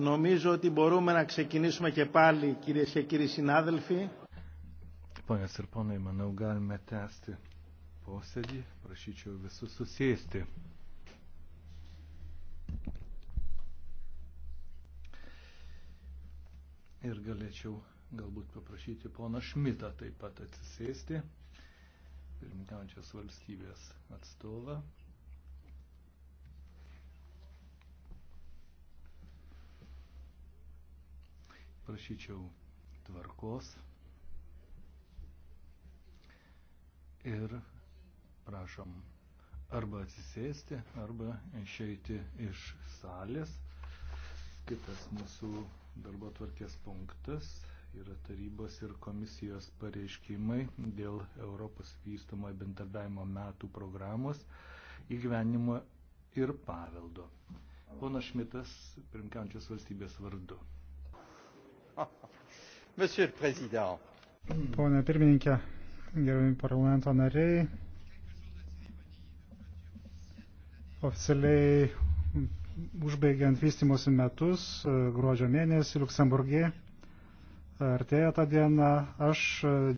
Νομίζω ότι μπορούμε να ξεκινήσουμε και πάλι, κυρίε και κύριοι συνάδελφοι. Ponios ir ponai, manau, galime tęsti posėdį. Prašyčiau visus susėsti. Ir galėčiau galbūt paprašyti pono Šmitą taip pat atsisėsti, pirmininkaujančios valstybės atstovą, prašyčiau tvarkos ir prašom arba atsisėsti, arba išeiti iš salės. Kitas mūsų darbo tvarkės punktas yra tarybos ir komisijos pareiškimai dėl Europos vystomo bendradarbiavimo metų programos įgyvenimo ir paveldo. Ponas Šmitas, primkiančios valstybės vardu. Monsieur le Président. Pone pirmininkė, gerbimi parlamento nariai, oficialiai užbaigiant vystimosi metus, gruodžio mėnesį Luksemburgė, artėja ta diena, aš